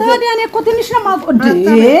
ነው። ታዲያ እኔ እኮ ትንሽ ነው የማውቀው እንዴ ልጉረስላት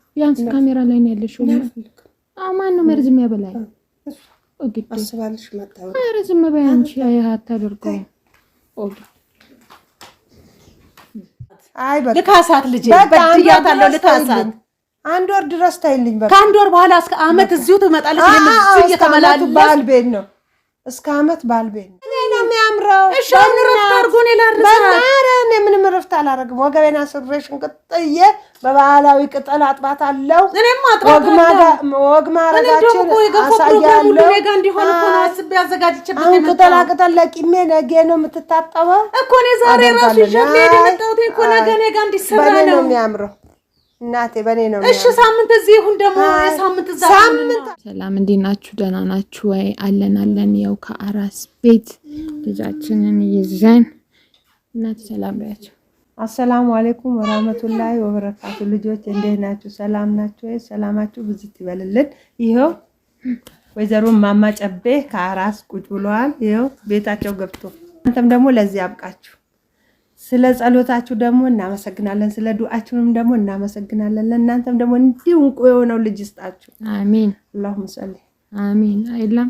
ያንስ ካሜራ ላይ ነው ያለሽው። ማን ነው መርዝ የሚያበላኝ? ኧረ ዝም በይ አንቺ። አታደርገውም። ልካሳት ልጄ፣ በድያታለሁ። ልካሳት አንድ ወር ድረስ ታይልኝ። ከአንድ ወር በኋላ እስከ አመት እዚሁ ትመጣለች። እየተመላሉ ባል ቤት ነው እስከ አመት ባል ነው ላብራው። እሺ አሁን እረፍት አድርጎ ነው ላርሳል። በማረም የምንም አላደርግም። ወገቤና ስሬሽን ቅጥዬ በባህላዊ ቅጠል አጥባታለሁ። እኔም አጥባታለሁ። ወግ ማረጋችን አሳያለሁ። እንዲሆን እኮ ነው አስቤ አዘጋጅቼበት። አሁን ቅጠላ ቅጠል ለቂሜ ነገ ነው የምትታጠበው እኮ። እኔ ዛሬ ራሱ ይዤ የመጣሁት እኮ ነገ እኔ ጋር እንዲሰራ ነው የሚያምረው እናቴ በኔ ነው። እሺ ሳምንት እዚህ ይሁን ደግሞ ሳምንት ሰላም እንዴት ናችሁ? ደህና ናችሁ ወይ? አለን አለን። ያው ከአራስ ቤት ልጃችንን ይዘን እናቴ ሰላም ብያቸው። አሰላሙ አሌይኩም ወራህመቱላሂ ወበረካቱ። ልጆች እንዴት ናችሁ? ሰላም ናችሁ ወይ? ሰላማችሁ ብዝት ይበልልን። ይኸው ወይዘሮ ማማ ጨቤ ከአራስ ቁጭ ብለዋል። ይኸው ቤታቸው ገብቶ አንተም ደግሞ ለዚህ አብቃችሁ ስለ ጸሎታችሁ ደግሞ እናመሰግናለን። ስለ ዱዓችሁንም ደግሞ እናመሰግናለን። ለእናንተም ደግሞ እንዲሁ እንቁ የሆነው ልጅ ይስጣችሁ። አሚን። አላሁም ሰሊ አሚን። አይላም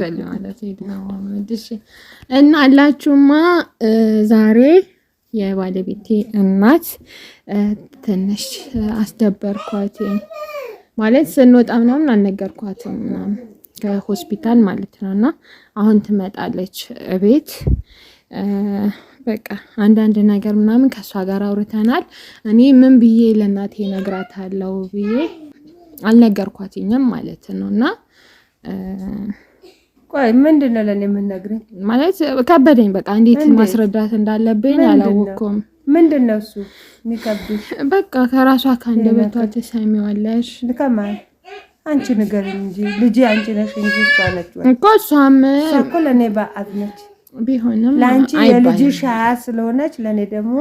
ሰሊ ማለት እና አላችሁማ። ዛሬ የባለቤቴ እናት ትንሽ አስደበርኳት። ማለት ስንወጣ ምናምን አልነገርኳትም ምናምን ከሆስፒታል ማለት ነው እና አሁን ትመጣለች እቤት በቃ አንዳንድ ነገር ምናምን ከእሷ ጋር አውርተናል። እኔ ምን ብዬ ለእናቴ እነግራታለሁ ብዬ አልነገርኳትኝም ማለት ነው። እና ቆይ ምንድን ነው ለእኔ የምትነግረኝ ማለት ከበደኝ። በቃ እንዴት ማስረዳት እንዳለብኝ አላወቅኩም። ምንድን ነው እሱ የሚከብድሽ? በቃ ከራሷ ከአንደበቷ ትሰሚዋለሽ። ልከማል አንቺ ንገሪኝ እንጂ ልጄ አንቺ ነሽ እንጂ እሷ ነች እኮ እሷም እኮ ለእኔ በአት ነች ቢሆንም ለአንቺ የልጅሽ ሀያ ስለሆነች ለእኔ ደግሞ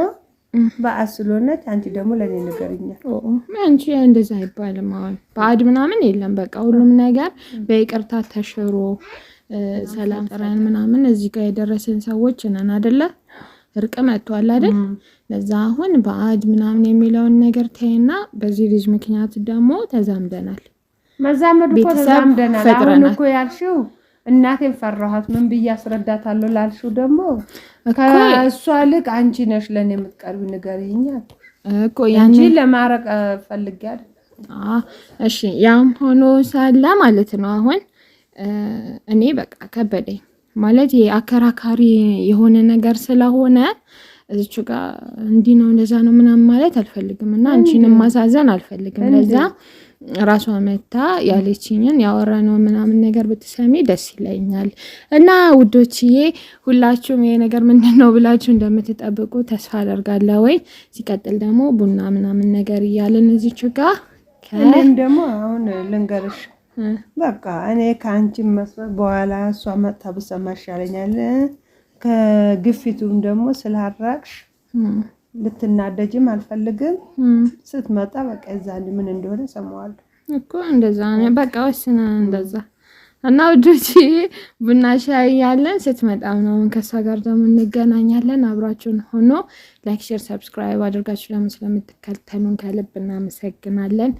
በአስ ስለሆነች አንቺ ደግሞ ለእኔ ነገርኛል። አንቺ እንደዛ አይባልም። አሁን በአድ ምናምን የለም። በቃ ሁሉም ነገር በይቅርታ ተሽሮ ሰላም ጥረን ምናምን እዚህ ጋር የደረስን ሰዎች ነን አደለ? እርቅ መጥቷል አደል? ለዛ አሁን በአድ ምናምን የሚለውን ነገር ተይና፣ በዚህ ልጅ ምክንያት ደግሞ ተዛምደናል። መዛመድ እኮ ተዛምደናል። አሁን እኮ ያልሽው እናቴን ፈራኋት። ምን ብዬ አስረዳታለሁ ላልሽው ደግሞ ከእሷ ልቅ አንቺ ነሽ ለእኔ የምትቀርቢ ንገሪኝ እኮ እንጂ ለማረቅ ፈልጌ አይደለም። እሺ ያም ሆኖ ሳለ ማለት ነው አሁን እኔ በቃ ከበደኝ ማለት አከራካሪ የሆነ ነገር ስለሆነ እዚች ጋር እንዲህ ነው እንደዛ ነው ምናምን ማለት አልፈልግም እና አንቺንም ማሳዘን አልፈልግም ለዛ ራሷ መታ ያለችኝን ያወራነው ምናምን ነገር ብትሰሚ ደስ ይለኛል። እና ውዶችዬ ሁላችሁም ይሄ ነገር ምንድን ነው ብላችሁ እንደምትጠብቁ ተስፋ አደርጋለሁ። ወይ ሲቀጥል ደግሞ ቡና ምናምን ነገር እያለን እዚች ጋር እኔም ደግሞ አሁን ልንገርሽ በቃ እኔ ከአንቺ መስበት በኋላ እሷ መጥታ ብሰማ ይሻለኛል። ከግፊቱም ደግሞ ስላራቅሽ ልትናደጅም አልፈልግም። ስትመጣ በቃ ዛ ምን እንደሆነ ሰማዋለሁ እኮ እንደዛ ነው። በቃ ወስነ እንደዛ እና ውዶች ቡና ሻይ ያለን ስትመጣ ነው ከእሷ ጋር ደግሞ እንገናኛለን። አብራችሁን ሆኖ ላይክ፣ ሼር፣ ሰብስክራይብ አድርጋችሁ ደግሞ ስለምትከተሉን ከልብ እናመሰግናለን።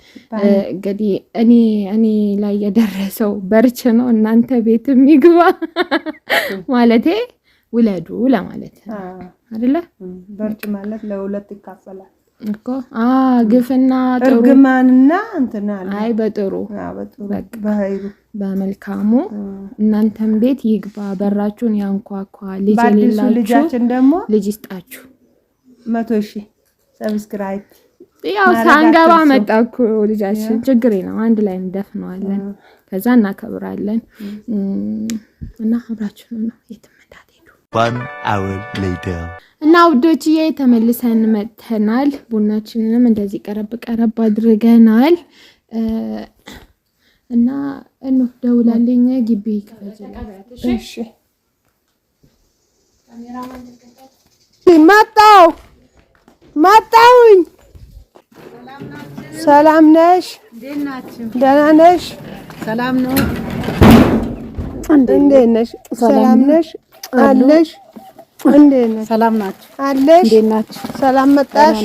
እንግዲህ እኔ እኔ ላይ የደረሰው በርች ነው። እናንተ ቤት የሚግባ ማለቴ ውለዱ ለማለት አይደለ? በርች ማለት ለሁለት ይካፈላል እኮ ግፍና እርግማንና እንትና አይ በጥሩ በመልካሙ እናንተም ቤት ይግባ፣ በራችሁን ያንኳኳ፣ ልጅ የሌላችሁ ልጃችን ደግሞ ልጅ ይስጣችሁ። መቶ ሺ ሰብስክራይብ ያው ሳንገባ መጣ እኮ ልጃችን። ችግር ነው፣ አንድ ላይ እንደፍነዋለን፣ ከዛ እናከብራለን እና አብራችሁ ነው የት እና ውዶችዬ ተመልሰን መጥተናል። ቡናችንንም እንደዚህ ቀረብ ቀረብ አድርገናል እና እኑ ደውላለኝ ግቢ መጣው መጣውኝ። ሰላም ነሽ? ደህና ነሽ? ሰላም ነው። እንዴት ነሽ? ሰላም ነሽ? አለሽ? እንዴት ነሽ? ሰላም ናችሁ? አለሽ? እንዴት ናችሁ? ሰላም መጣሽ?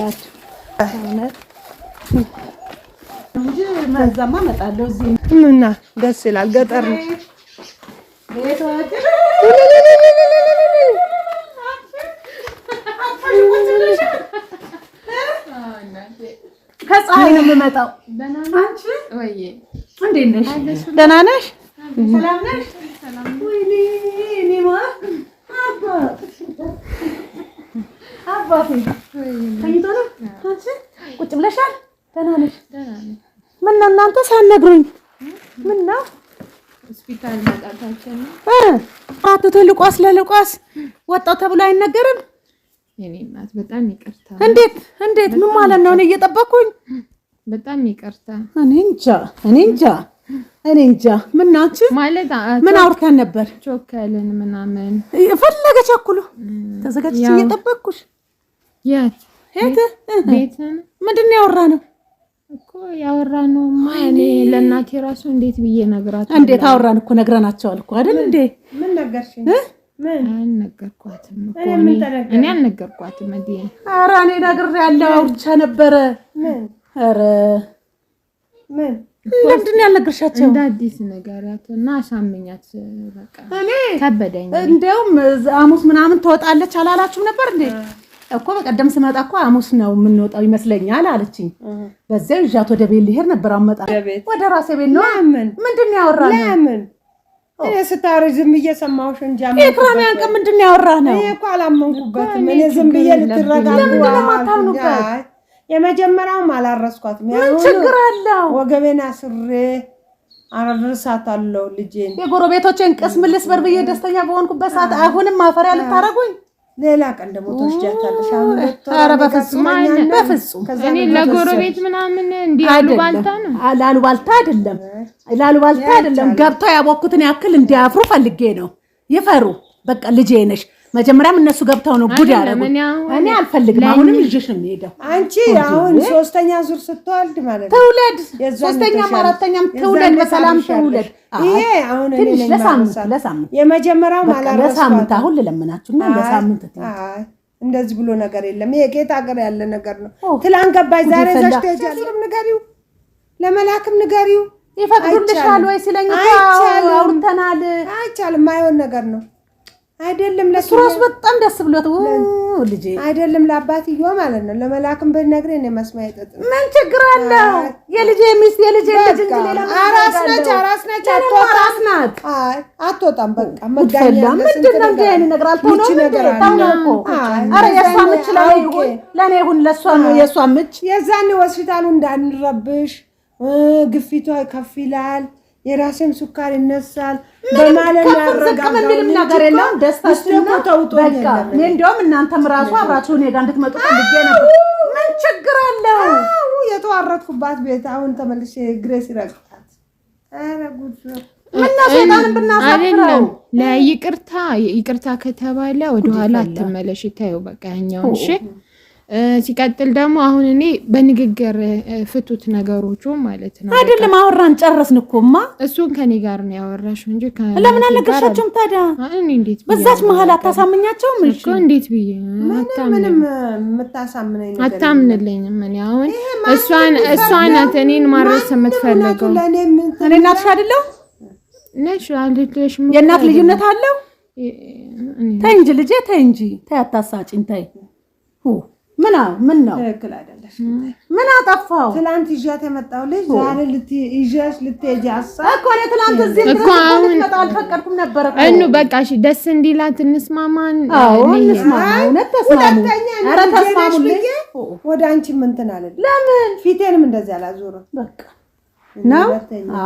እዛማ እመጣለሁ። ምና ደስ ይላል። ገጠር ነው። ከፀሐይ ነው የምመጣው። ደህና ነሽ? ቁጭ ብለሻል? ደህና ነሽ? ምነው እናንተ ሳትነግሩኝ ምነው ሆስፒታል መጣታችን አቶ ልቋስ ለልቋስ ወጣው ተብሎ አይነገርም? የኔ እናት በጣም ይቅርታ። እንዴት እንዴት? ምን ማለት ነው? እኔ እየጠበኩኝ። በጣም ይቅርታ። እኔ እንጃ እኔ እንጃ እኔ እንጃ ምናችን ማለት ምን አውርተን ነበር? ቾከልን ምናምን ፈለገ ቸኩሎ ተዘጋጅች እየጠበቅኩሽ። የት የት ቤትን ምንድን ነው እኮ ያወራ ነው ማኔ ለእናቴ የራሱ እንዴት ብዬ ነግራት እንዴት አወራን እኮ ነግረናቸዋል እኮ አይደል እንዴ? ምን ነገርሽኝ? አልነገርኳትም እኔ አልነገርኳትም። እንዴ ኧረ እኔ ነግሬያለሁ፣ አውርቻ ነበረ ኧረ ምን ለምንድን ነው ያልነገርሻቸው? እንደ አዲስ ነገራት እና አሳምኛት በቃ እኔ ከበደኝ። እንደውም አሙስ ምናምን ትወጣለች አላላችሁም ነበር እንዴ? እኮ በቀደም ስመጣ እኮ አሙስ ነው የምንወጣው ይመስለኛል አለችኝ። በዚያ ይዣት ወደ ቤት ልሄድ ነበር። አመጣ ወደ ራሴ ቤት ነው። ለምን ምንድን ያወራ ነው ለምን እኔ ስታወሪ ዝም ብዬ ሰማሁሽ እንጂ ኢክራም፣ ያንቀ ምንድን ያወራ ነው? እኔ እኮ አላመንኩበትም። እኔ ዝም ብዬ ልትረጋጋ ለምንድን ነው የማታምኑበት የመጀመሪያውም አላረስኳትም። ምን ችግር አለው? ወገቤና ስሬ አረርሳታለሁ ልጄን። የጎረቤቶቼን ቅስም ልስበር ብዬ ደስተኛ በሆንኩበት ሰዓት አሁንም ማፈሪያ ልታረጉኝ ሌላ ቀን ደግሞ ትወስጃታለሽ። ኧረ በፍጹም በፍጹም እኔ ለጎረቤት ምናምን እንዲህ አሉባልታ ነው ላሉባልታ አይደለም ላሉባልታ አይደለም። ገብተው ያቦኩትን ያክል እንዲያፍሩ ፈልጌ ነው። ይፈሩ በቃ ልጄ ነሽ መጀመሪያም እነሱ ገብተው ነው ጉድ ያደረጉት። እኔ አልፈልግም። አሁንም ልጅሽ ነው የሚሄደው። አንቺ አሁን ሶስተኛ ዙር ስትወልድ ማለት ነው ትውለድ፣ ሶስተኛም አራተኛም ትውለድ፣ በሰላም ትውለድ። ይሄ አሁን ትንሽ ለሳምንት ለሳምንት የመጀመሪያው ማለት ለሳምንት አሁን ልለምናችሁና ለሳምንት እንደዚህ ብሎ ነገር የለም። ይሄ ጌታ ሀገር ያለ ነገር ነው። ትላን ገባች፣ ዛሬ ዘሽ ንገሪው፣ ለመላክም ንገሪው። ይፈቅዱልሻል ወይ ሲለኝ አውርተናል። አይቻልም፣ ማይሆን ነገር ነው አይደለም ለሱ ራሱ በጣም ደስ ብሎት ልጄ አይደለም ለአባትዮዋ ማለት ነው። ለመላክም ብነግር እኔ መስማት ጠጥ ምን ችግር አለ? የልጄ ሚስት የልጄ ልጅ አራስ ነች፣ አራስ ነች፣ አራስ ናት። አይ አትወጣም። በቃ መጋኛ ምንድን ነው ነገር አልተሆነ ነገር አለ። አረ ምች ይሁን ይሁን ነው ምች። የዛኔ ሆስፒታሉ እንዳንረብሽ ግፊቷ ከፍ ይላል። የራሴም ሱካር ይነሳል በማለት ያረጋጋል። ነገር የለም ደስታችንና ተውጦ በቃ እኔ እንዲያውም እናንተም ራሱ አብራችሁ እኔ ጋር እንድትመጡ ልጄ ነው። ምን ችግር አለው? የተዋረድኩባት ቤት አሁን ተመልሼ ግሬስ ይረግጣት። ኧረ ጉድ አይደለም ለይቅርታ ይቅርታ ከተባለ ወደኋላ አትመለሽ። ይታየው በቃ ያኛውን እሺ ሲቀጥል ደግሞ አሁን እኔ በንግግር ፍቱት ነገሮቹ ማለት ነው። አይደለም አወራን ጨረስን እኮማ። እሱን ከኔ ጋር ነው ያወራሽ እንጂ ለምን አልነገርሻቸውም ታዲያ? እንዴት በዛች መሀል አታሳምኛቸውም? እሺ እንዴት ብዬ አታምንልኝም? እኔ አሁን እሷን እሷን ናት እኔን ማድረስ የምትፈልገው። እኔ እናትሽ አይደለሁ ነሽ አልልሽ። የእናት ልዩነት አለው። ተይ እንጂ ልጄ፣ ተይ እንጂ፣ ተይ አታሳጭኝ፣ ተይ ምን ምን ነው ትክክል አይደለሽ። ምን አጠፋው? ትላንት ይዣት የመጣው ልጅ ዛሬ ይዣሽ ልትሄጂ እኮ እኔ ትላንት እዚህ አልፈቀድኩም ነበረ። እኑ በቃ እሺ፣ ደስ እንዲላት እንስማማን። አዎ እንስማማ። ኧረ ወደ አንቺ እንትን አለ። ለምን ፊቴንም እንደዚህ በቃ ነው።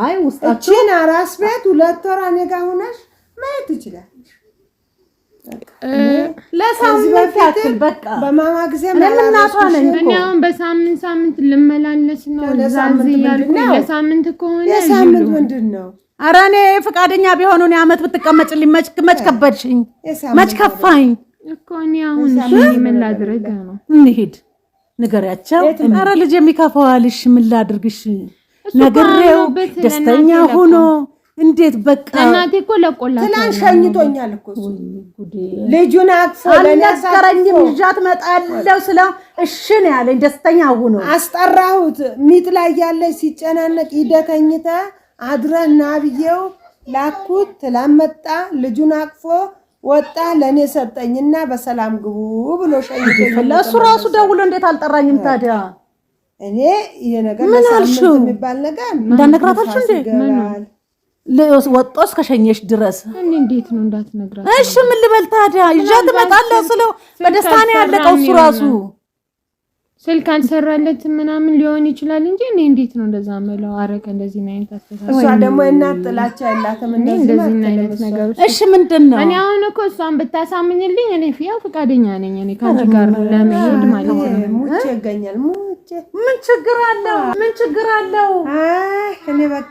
አይ ውስጣችን አራስ ቤት ሁለት ወር እኔ ጋር ሆነሽ ማየት ይችላል በሳምንት ሳምንት ልመላለስ ነው። ለሳምንት ከሆነ ለሳምንት ምንድን ነው? ኧረ እኔ ፈቃደኛ ቢሆኑ እኔ አመት ብትቀመጭልኝ መች ከበድሽኝ፣ መች ከፋኝ እኮ እኔ አሁን ምን ላድርግ ነው? እንሂድ ንገሪያቸው። ኧረ ልጅ የሚከፋዋልሽ ምን ላድርግሽ? ነግሬው ደስተኛ ሆኖ እንዴት በቃ እናቴ እኮ ለቆላት ትናንት ሸኝቶኛል እኮ እሱ ልጁን አቅፎ አልነገረኝም። ይዣት እመጣለሁ ስለው እሺ ነው ያለኝ። ደስተኛ ሁኖ አስጠራሁት። ሚጥ ላይ ያለች ሲጨናነቅ ሂደህ ተኝተህ አድረህ ና ብዬው ላኩት። ትናንት መጣ። ልጁን አቅፎ ወጣ። ለእኔ ሰጠኝና በሰላም ግቡ ብሎ ሸኝቶኛል። እሱ ራሱ ደውሎ እንዴት አልጠራኝም ታዲያ? እኔ ይሄ ነገር ምን ለሳምንት የሚባል ነገር እንዳነግራታችሁ እንዴ ምን ወጦ እስከሸኘሽ ድረስ እንዴት ነው እንዳትነግራት። እሺ ምን ልበል ታዲያ? ይዣት እመጣለሁ ስለው በደስታ ነው ያለቀው እሱ ራሱ። ስልክ አልሰራለት ምናምን ሊሆን ይችላል እንጂ እኔ እንዴት ነው እንደዛ መለው አረቀ። እንደዚህ አይነት አስተሳሰብ እሷ ደግሞ እናት ጥላቻ ያላትም እንደዚህ አይነት ነገር። እሺ ምንድን ነው እኔ አሁን እኮ እሷን ብታሳምኝልኝ እኔ ፍያው ፈቃደኛ ነኝ። እኔ ከአንቺ ጋር ለመሄድ ማለት ነው። ሙቼ ይገኛል። ሙቼ ምን ችግር አለው? ምን ችግር አለው? አይ እኔ በቃ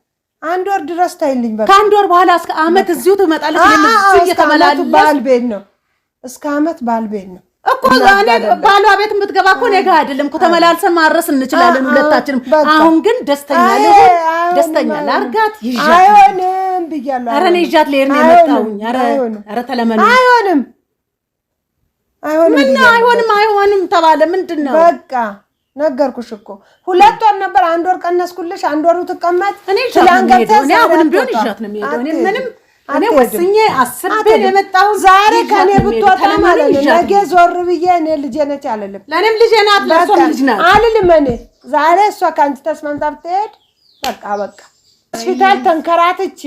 አንድ ወር ድረስ ታይልኝ። በቃ ከአንድ ወር በኋላ እስከ አመት እዚሁ ትመጣለች። ለምን እየተመላለስ ባል ቤት ነው እስከ አመት ባል ቤት ነው እኮ እኔ ባሏ ቤት የምትገባ እኮ እኔ ጋር አይደለም እኮ ተመላልሰን ማድረስ እንችላለን ሁለታችንም። አሁን ግን ደስተኛ ልሁን፣ ደስተኛ ላርጋት። ይዣት አይሆንም ብያለሁ። ኧረ እኔ ይዣት ልሄድ ነው የመጣሁኝ። ኧረ ተለመኑ። አይሆንም አይሆንም ምን አይሆንም አይሆንም ተባለ። ምንድን ነው በቃ ነገርኩሽ እኮ ሁለት ወር ነበር። አንድ ወር ቀነስኩልሽ። አንድ ወሩ ትቀመጥ። እኔ ዛሬ ከኔ ብትወጣ ማለት ነገ ዞር ብዬ እኔ ልጄ ነች አልልም። ለእኔም ልጄ ናት አልልም። እኔ ዛሬ እሷ ከአንቺ ተስማምታ ብትሄድ በቃ በቃ ሆስፒታል ተንከራትቼ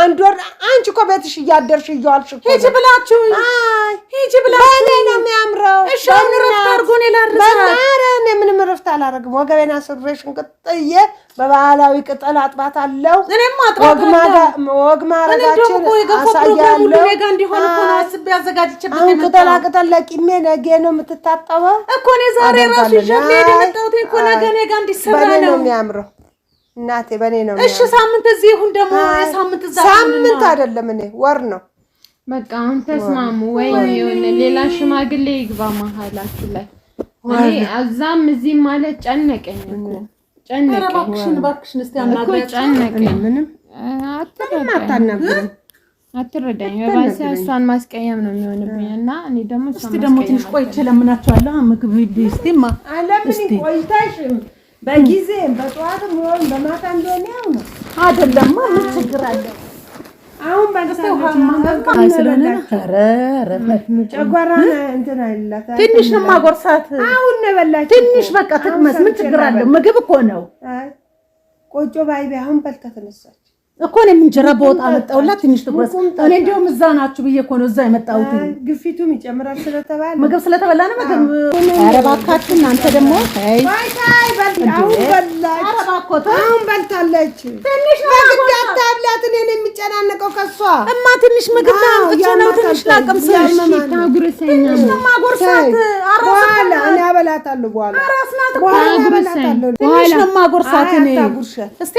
አንድ ወር አንቺ እኮ ቤትሽ እያደርሽ እየዋልሽ ብላችሁ ሻውን ረፍት ምንም ረፍት አላረግም። ወገቤና በባህላዊ ቅጠል አጥባት አለው። ቅጠላ ቅጠል ለቂሜ ነገ ነው የምትታጠበው እኮ እኔ ዛሬ ራሱ ነገ እንዲሰራ ነው የሚያምረው። እናቴ በእኔ ነው። እሺ ሳምንት እዚህ ይሁን ደግሞ ሳምንት ሳምንት አይደለም እኔ ወር ነው በቃ አሁን ተስማሙ ወይ የሆነ ሌላ ሽማግሌ ይግባ መሀላችሁ ላይ። እኔ እዛም እዚህም ማለት ጨነቀኝ እኮ ጨነቀኝ። እባክሽን እባክሽን እስቲ አናግሪያቸው። ምንም አትረዳኝ። በባሰ እሷን ማስቀየም ነው የሚሆንብኝ እና እኔ ደግሞ እስቲ ደግሞ ትንሽ ቆይቼ እለምናቸዋለሁ። ምግብ ሂድ ማ አለምኝ ቆይታሽ በጊዜ በጠዋትም ሆን በማታ እንደሆነ ያው ነው አይደለማ። ምን ችግር አለ? አሁን ትንሽ ነው የማጎርሳት። አሁን ነው የበላችው። ትንሽ በቃ ትቅመስ፣ ምን ችግር አለው? ምግብ እኮ ነው። ቆጮ ባይቢ አሁን በልታ ተነሳች እኮ። እኔም እንጀራ በወጥ አመጣሁላት ትንሽ ትቁረስ። እኔ እንዲያውም እዛ ናችሁ ብዬ እኮ ነው እዛ የመጣሁት። ግፊቱም ይጨምራል ስለተባለ ምግብ ስለተበላ ነው። ምግብ ኧረ እባካችሁ እናንተ ደግሞ እኮ አሁን በልታለች። ትንሽ ምግብ አታብላት። እኔን የሚጨናነቀው እማ ትንሽ ምግብ አምጥቼ ነው ትንሽ ላቅምስልሽ። ማጎርሳት በኋላ እኔ አበላታለሁ። በኋላ ትንሽ ማጎርሳት። እኔ ታጉርሰኝ። እሷ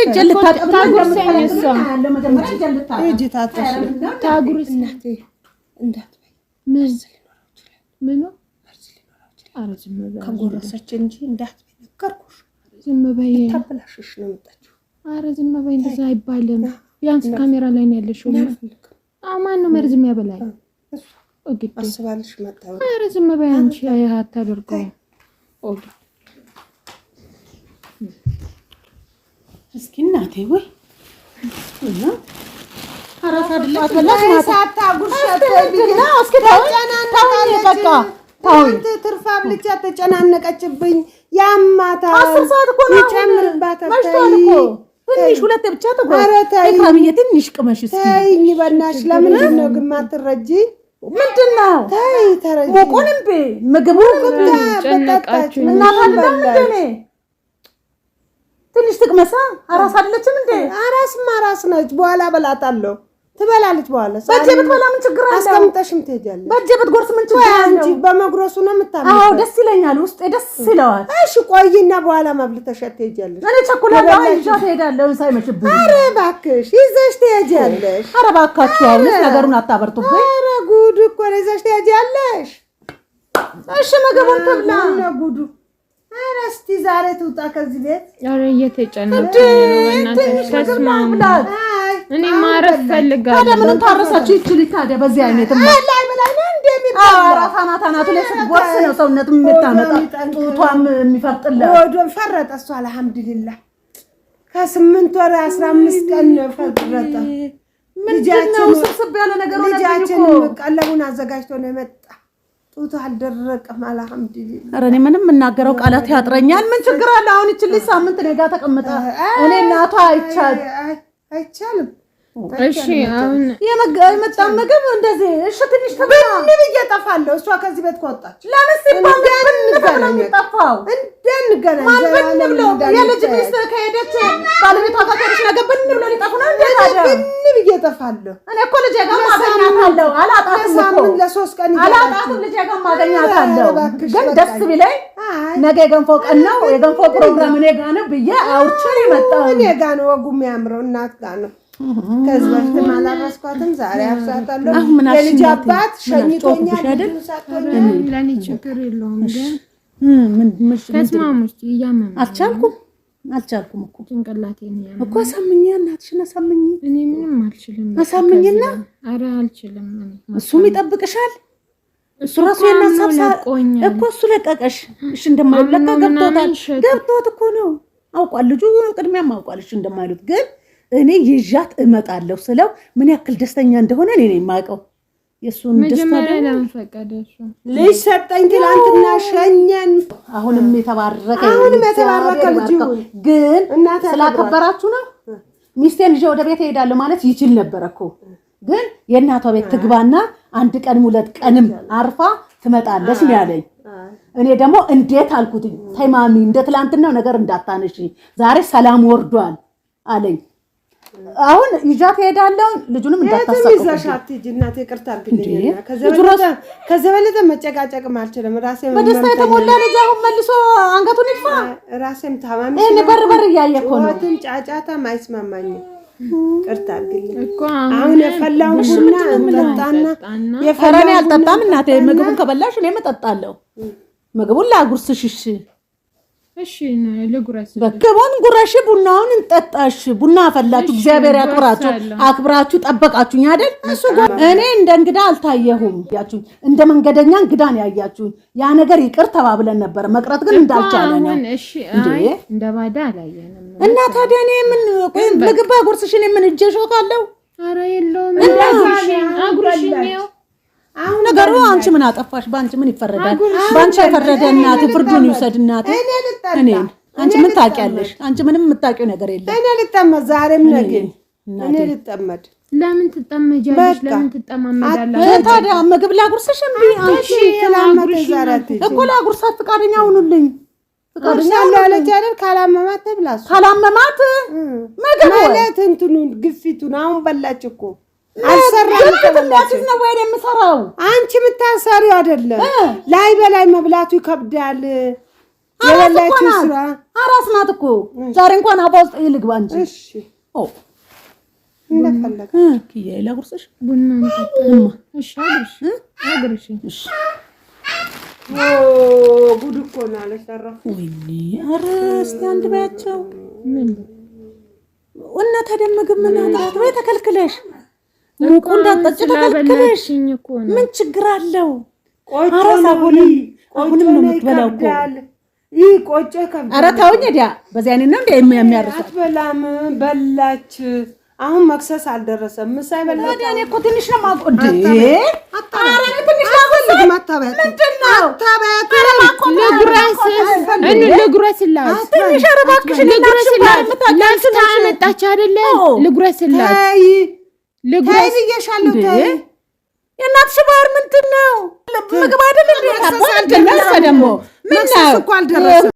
ምኑ ከጎረሰች እንጂ እንዳት ዝም በይ ታበላሽሽ ነው የመጣችው። አረ ዝም በይ እንደዛ አይባልም። ቢያንስ ካሜራ ላይ ነው ያለሽው። ማን ነው መርዝ የሚያበላኝ? አስባልሽ መጣ። አረ ዝም በይ አንቺ አታደርገው። እስኪ እናቴ ወይ ተጨናነቀች። ትርፋ ተጨናነቀችብኝ ያማታል። አስር ሰዓት እኮ ነው ይጨምርባታል። ትንሽ ሁለቴ ብቻ ትኩረት ኢክራምዬ፣ ትንሽ ቅመሽ ተይኝ በእናትሽ። ለምንድን ነው ግን ማትረጂኝ? ምንድን ነው ተይ፣ ተረጂ። ሙቁን እምቢ ምግቡን ጨነቃችሁ እናታለን እንደኔ ትንሽ ትቅመሳ። አራስ አይደለችም እንዴ? አራስማ አራስ ነች። በኋላ በላታለሁ ትበላለች። በኋላ በእጄ ብትበላ ምን ችግር አለው? አስቀምጠሽም ትሄጃለሽ። በእጄ ብትጎርስ ምን ችግር አለው? እንጂ በመጉረሱ ነው የምታምነው። አዎ ደስ ይለኛል፣ ውስጤ ደስ ይለዋል። እሺ ቆይና በኋላ አብልተሻት ትሄጃለሽ። እኔ ቸኩላለሁ። አይ ይዣት እሄዳለሁ ሳይመችብኝ። ኧረ እባክሽ ይዘሽ ትሄጃለሽ። ኧረ እባካችሁ አሁንስ ነገሩን አታበርቱብኝ። ኧረ ጉድ እኮ ነው። ይዘሽ ትሄጃለሽ። እሺ ምግቡን ትብላ። ጉዱ ኧረ እስኪ ዛሬ ትውጣ ከዚህ ቤት። ኧረ ነው እኔ ማረፍ ፈልጋለሁ። ታዲያ ታረሳችሁ ይችል ታዲያ በዚህ አይነት ላይ ነው ሰውነት የምታመጣ ጡቷም ወዶም ፈረጠ። አልሐምዱሊላህ ከስምንት ወር አስራ አምስት ቀን ፈረጠ። ምንድን ነው ስብስብ ያለ ነገር ልጃችን ቀለቡን አዘጋጅቶ ነው የመጣ ጡት አልደረቀም። አልሐምዱሊላህ። ኧረ እኔ ምንም የምናገረው ቃላት ያጥረኛል። ምን ችግር አለ? አሁን ይቺ ሳምንት እኔ ጋር ተቀምጣ እኔ እናቷ አይቻል አይቻልም። እሺ አሁን የመጣ ምግብ እንደዚህ እሺ፣ ትንሽ ተብለን እየጠፋለሁ። እሷ ከዚህ ቤት ከወጣች ለምን ሲባል የሚጠፋው እንደንገናኝ ማን ብን ብሎ የልጅ ሚስት ከሄደች ባለቤቷ ጋር ከሄደች ብን ብሎ እየጠፋለሁ እኔ እኮ ልጄ ጋር ማገኛታለሁ። አላጣትም እኮ ለሶስት ቀን አላጣትም። ልጄ ጋር ማገኛታለሁ። ግን ደስ ቢለኝ ነገ የገንፎ ቀን ነው። የገንፎ ፕሮግራም እኔ ጋር ነው ብዬ አውርቼ መጣሁ። እኔ ጋር ነው ወጉ የሚያምረው፣ እናት ጋር ነው። ከዚህ በፊትም አላረስኳትም። ዛሬ አብሳታለሁ። የልጅ አባት ሸኝቶኛል። ለእኔ ችግር የለውም ግን ተስማሙ። እያመመኝ አልቻልኩም አልቻልኩም እኮ ጭንቅላቴን እኮ አሳምኜ እናትሽን እኔ ምንም አልችልም። አሳምኝና ኧረ አልችልም። እሱም ይጠብቅሻል። እሱ ራሱ እኮ እሱ ለቀቀሽ። እሺ እንደማይለቃ ገብቶታል። ገብቶት እኮ ነው አውቋል። ልጁ ቅድሚያም አውቋል። እሺ እንደማይሉት ግን እኔ ይዣት እመጣለሁ ስለው ምን ያክል ደስተኛ እንደሆነ እኔ ነው የማውቀው። የእሱን መጀመሪያ ለምን ልጅ ሰጠኝ ትላንትና ሸኘን። አሁንም የተባረከ አሁንም የተባረከ ልጅ ግን ስላከበራችሁ ነው። ሚስቴን ወደ ቤት እሄዳለሁ ማለት ይችል ነበረ እኮ ግን የእናቷ ቤት ትግባና አንድ ቀንም ሁለት ቀንም አርፋ ትመጣለች ነው ያለኝ። እኔ ደግሞ እንዴት አልኩትኝ ተማሚ እንደ ትላንትናው ነገር እንዳታነሺ ዛሬ ሰላም ወርዷል አለኝ። አሁን ይዣት እሄዳለሁ። ልጁንም ከዘበለጠ መጨቃጨቅ አልችልም። በደስታ የተሞላ ልጅ አሁን መልሶ አንገቱን ይድፋ። ራሴም ታማሚ በር በር እያየ እኮ ነው። ጫጫታም አይስማማኝም። ቅርታ አድርግልኝ እኮ አሁን የፈላው ቡና እንጠጣና የፈረኔ አልጠጣም። እናቴ ምግቡን ከበላሽ እኔም እጠጣለሁ። ምግቡን ላጉርስሽሽ ግቡን ጉረሽ ቡናውን እንጠጣሽ። ቡና አፈላችሁ። እግዚአብሔር ያክብራችሁ፣ አክብራችሁ ጠበቃችሁኝ አይደል? እሱ ጋር እኔ እንደ እንግዳ አልታየሁም ያችሁኝ፣ እንደ መንገደኛ እንግዳን ያያችሁኝ። ያ ነገር ይቅር ተባብለን ነበር፣ መቅረት ግን እንዳልቻለ ነው። እና ታዲያ እኔ ምን ምግባ ጉርስሽን የምን እጀ ሾካለሁ ነገሩ አንቺ ምን አጠፋሽ? በአንቺ ምን ይፈረዳል? በአንቺ የፈረደ እናት ፍርዱን ይውሰድ። እናት እኔ አንቺ ምን ታውቂያለሽ? አንቺ ምንም የምታውቂው ነገር የለም። እኔ ልጠመድ ዛሬም ነገ እኔ ልጠመድ። ለምን ትጠመጃለሽ? ለምን ትጠማመዳለሽ? ታዲያ ምግብ ላጉርስሽ እንዴ? አንቺ እኮ ላጉርሳት ፍቃደኛ ሁኑልኝ። ፈቃደኛ ለለች ካላመማት ብላሱ ካላመማት ምግብ ማለት እንትኑን ግፊቱን አሁን በላች እኮ የምሰራው አንቺ የምታሰሪው አይደለም። ላይ በላይ መብላቱ ይከብዳል። የበላችሁ ስራ አራስ ናት እኮ ዛሬ እንኳን አባ ውስጥ ይልግባ እንጂ ለጉርስሽ ጉድ እኮ ነው ምን ወይኔ ኧረ ምን ተከልክለሽ ሙቁ እንዳጠጭ ተከልክለሽ ምን ችግር አለው? አረስ አሁንም ነው የምትበላው እኮ ይህ ቆጮ ይከብዳል። ኧረ ተውኝ። ዲያ በዚህ አይነት ነው እንደ የሚያርሳት በላም በላች። አሁን መክሰስ አልደረሰም። ምሳ ይበላል። እኮ ትንሽ ነው የማውቀው። እንደ ኧረ እኔ ትንሽ ልግሻለ የእናትሽ ባህር ምንድን ነው? ምግብ አይደል ደግሞ ምነው